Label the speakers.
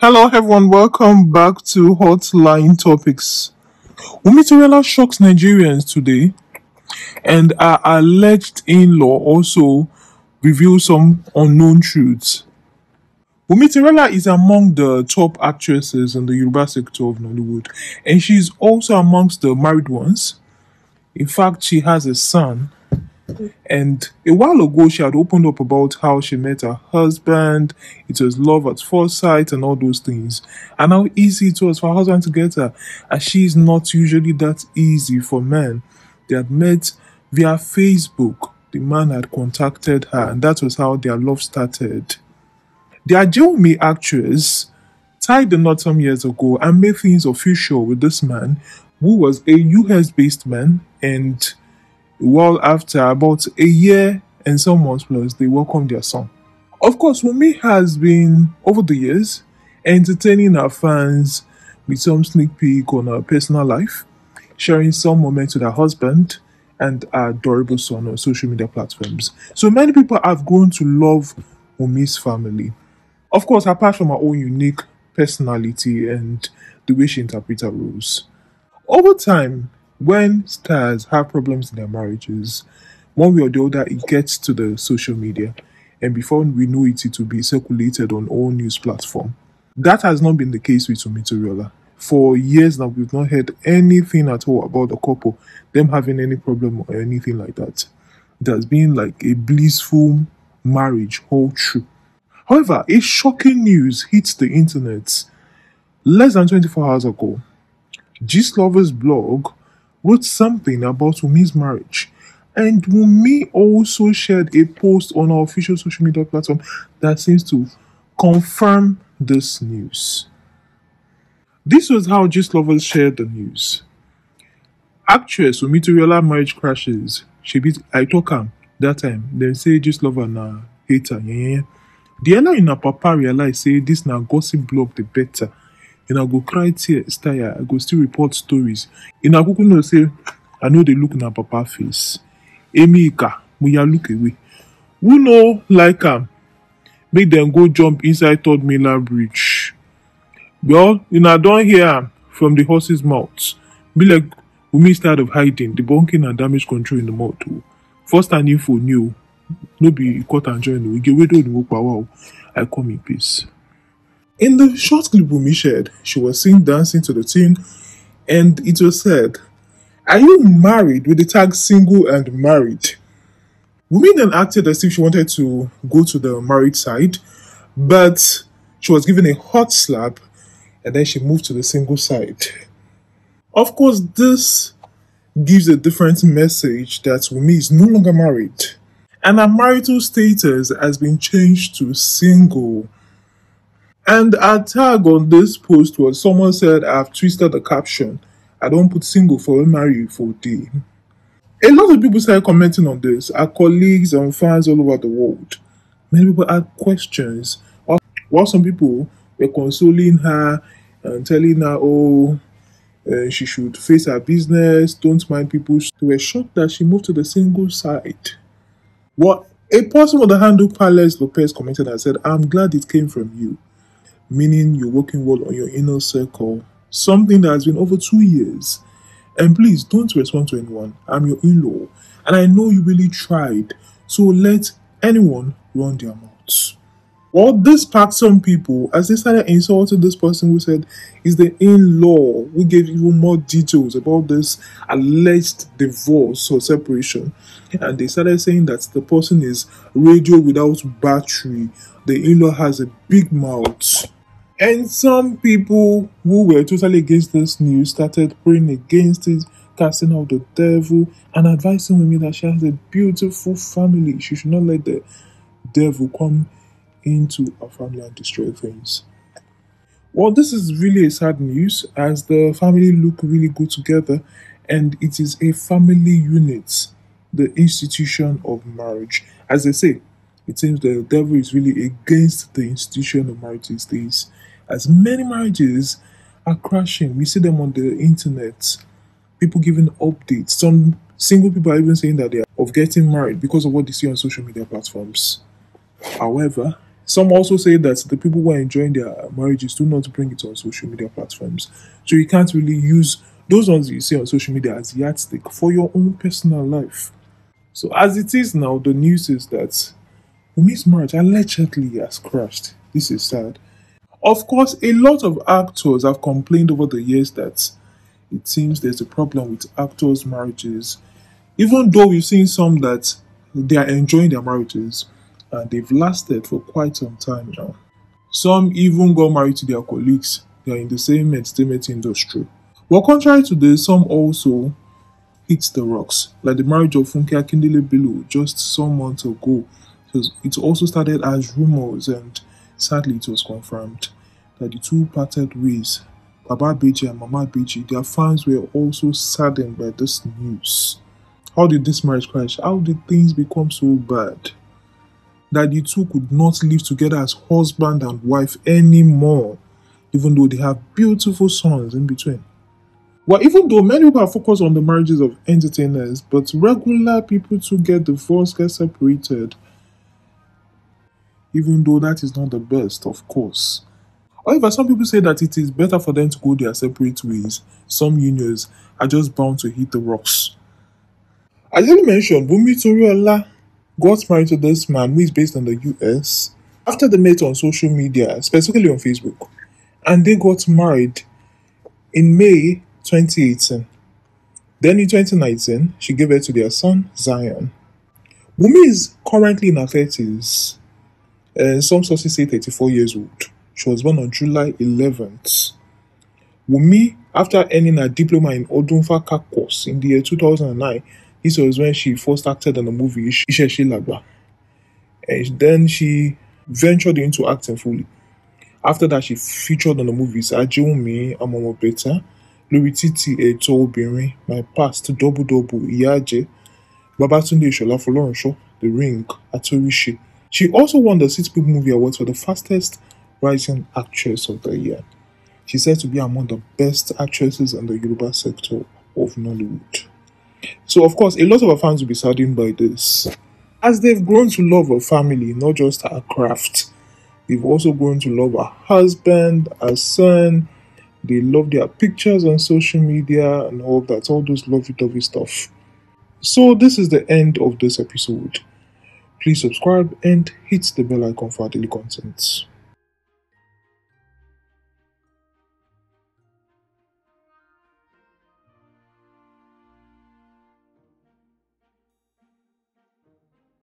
Speaker 1: Hello, everyone. Welcome back to Hotline Topics. Umitirella shocks Nigerians today, and our alleged in law also reveals some unknown truths. Umitirella is among the top actresses in the Yoruba sector of Nollywood, and she is also amongst the married ones. In fact, she has a son and a while ago, she had opened up about how she met her husband, it was love at first sight, and all those things, and how easy it was for her husband to get her. And she is not usually that easy for men. They had met via Facebook. The man had contacted her, and that was how their love started. The Ajeomi actress tied the knot some years ago and made things official with this man, who was a US based man and well, after about a year and some months plus, they welcomed their son. Of course, Wumi has been, over the years, entertaining her fans with some sneak peek on her personal life, sharing some moments with her husband and her adorable son on social media platforms. So many people have grown to love Wumi's family. Of course, apart from her own unique personality and the way she interprets her roles. Over time, when stars have problems in their marriages, one way or the other, it gets to the social media. And before we know it, it will be circulated on all news platform. That has not been the case with Umitoriola. For years now, we've not heard anything at all about the couple, them having any problem or anything like that. It has been like a blissful marriage all through. However, a shocking news hits the internet less than 24 hours ago. Gist Lover's blog wrote something about Wumi's marriage. And Wumi also shared a post on our official social media platform that seems to confirm this news. This was how Just Lovers shared the news. Actress Wumi Toriola marriage crashes. She beat I talk that time. They say Just Lover na hater. Yeah, yeah, yeah. The elder in her papa realized say this na gossip blog the better and I go cry tears tire. I go still report stories. And I could know say, I know they look na papa face. Emika, Muya look away. We know like him? Make them go jump inside Todd Miller Bridge. Well, you know, I don't hear from the horse's mouth. Be like, we missed out of hiding, debunking and damage control in the motor. Oh. First and info new. No be caught and join. We get way to the work power. Oh. I come in peace. In the short clip Wumi shared, she was seen dancing to the tune, and it was said, Are you married with the tag single and married? Wumi then acted as if she wanted to go to the married side, but she was given a hot slap and then she moved to the single side. Of course, this gives a different message that Wumi is no longer married, and her marital status has been changed to single and a tag on this post was someone said, I've twisted the caption. I don't put single for marry for day. A lot of people started commenting on this, our colleagues and fans all over the world. Many people had questions, while some people were consoling her and telling her, oh, uh, she should face her business, don't mind people. They were shocked that she moved to the single side. What a person with the handle Palace Lopez commented and said, I'm glad it came from you meaning you're working well on your inner circle, something that has been over two years. And please don't respond to anyone. I'm your in law, and I know you really tried. So let anyone run their mouths. Well, this packed some people as they started insulting this person who said is the in law, who gave even more details about this alleged divorce or separation. And they started saying that the person is radio without battery. The in law has a big mouth. And some people who were totally against this news started praying against it, casting out the devil, and advising women that she has a beautiful family. She should not let the devil come into her family and destroy things. Well, this is really a sad news as the family look really good together and it is a family unit, the institution of marriage. As I say, it seems the devil is really against the institution of marriage these days as many marriages are crashing. We see them on the internet, people giving updates. Some single people are even saying that they are of getting married because of what they see on social media platforms. However, some also say that the people who are enjoying their marriages do not bring it on social media platforms. So you can't really use those ones you see on social media as yardstick for your own personal life. So as it is now, the news is that Umi's marriage allegedly has crashed. This is sad. Of course, a lot of actors have complained over the years that it seems there's a problem with actors' marriages, even though we've seen some that they are enjoying their marriages and they've lasted for quite some time now. Some even got married to their colleagues, they are in the same entertainment industry. But contrary to this, some also hit the rocks, like the marriage of Funke Akindele Bilu just some months ago. It also started as rumors and Sadly, it was confirmed that the two parted ways. Baba Beji and Mama Beji, their fans were also saddened by this news. How did this marriage crash? How did things become so bad that the two could not live together as husband and wife anymore, even though they have beautiful sons in between? Well, even though many people are focused on the marriages of entertainers, but regular people too get divorced, get separated, even though that is not the best, of course. However, some people say that it is better for them to go their separate ways. Some unions are just bound to hit the rocks. As you mentioned, Bumi Toriola got married to this man who is based in the US after they met on social media, specifically on Facebook, and they got married in May 2018. Then in 2019, she gave birth to their son, Zion. Bumi is currently in her 30s Eh, some sources say 34 years old. She was born on July 11th. Wumi, after earning a diploma in Odunfa course in the year 2009, this was when she first acted in the movie Isheshe Lagba. And eh, then she ventured into acting fully. After that, she featured on the movies Ajewumi, Amomo Beta, lórí títí ẹ̀tọ́ my past double double ìyá àjẹ́ babatunde ìṣọ̀lá Show, the ring àti oríṣi she also won the City People Movie Awards for the fastest rising actress of the year. She said to be among the best actresses in the Yoruba sector of Nollywood. So, of course, a lot of her fans will be saddened by this. As they've grown to love her family, not just her craft, they've also grown to love her husband, her son. They love their pictures on social media and all that, all those lovey dovey stuff. So, this is the end of this episode. Please subscribe and hit the bell icon for daily contents.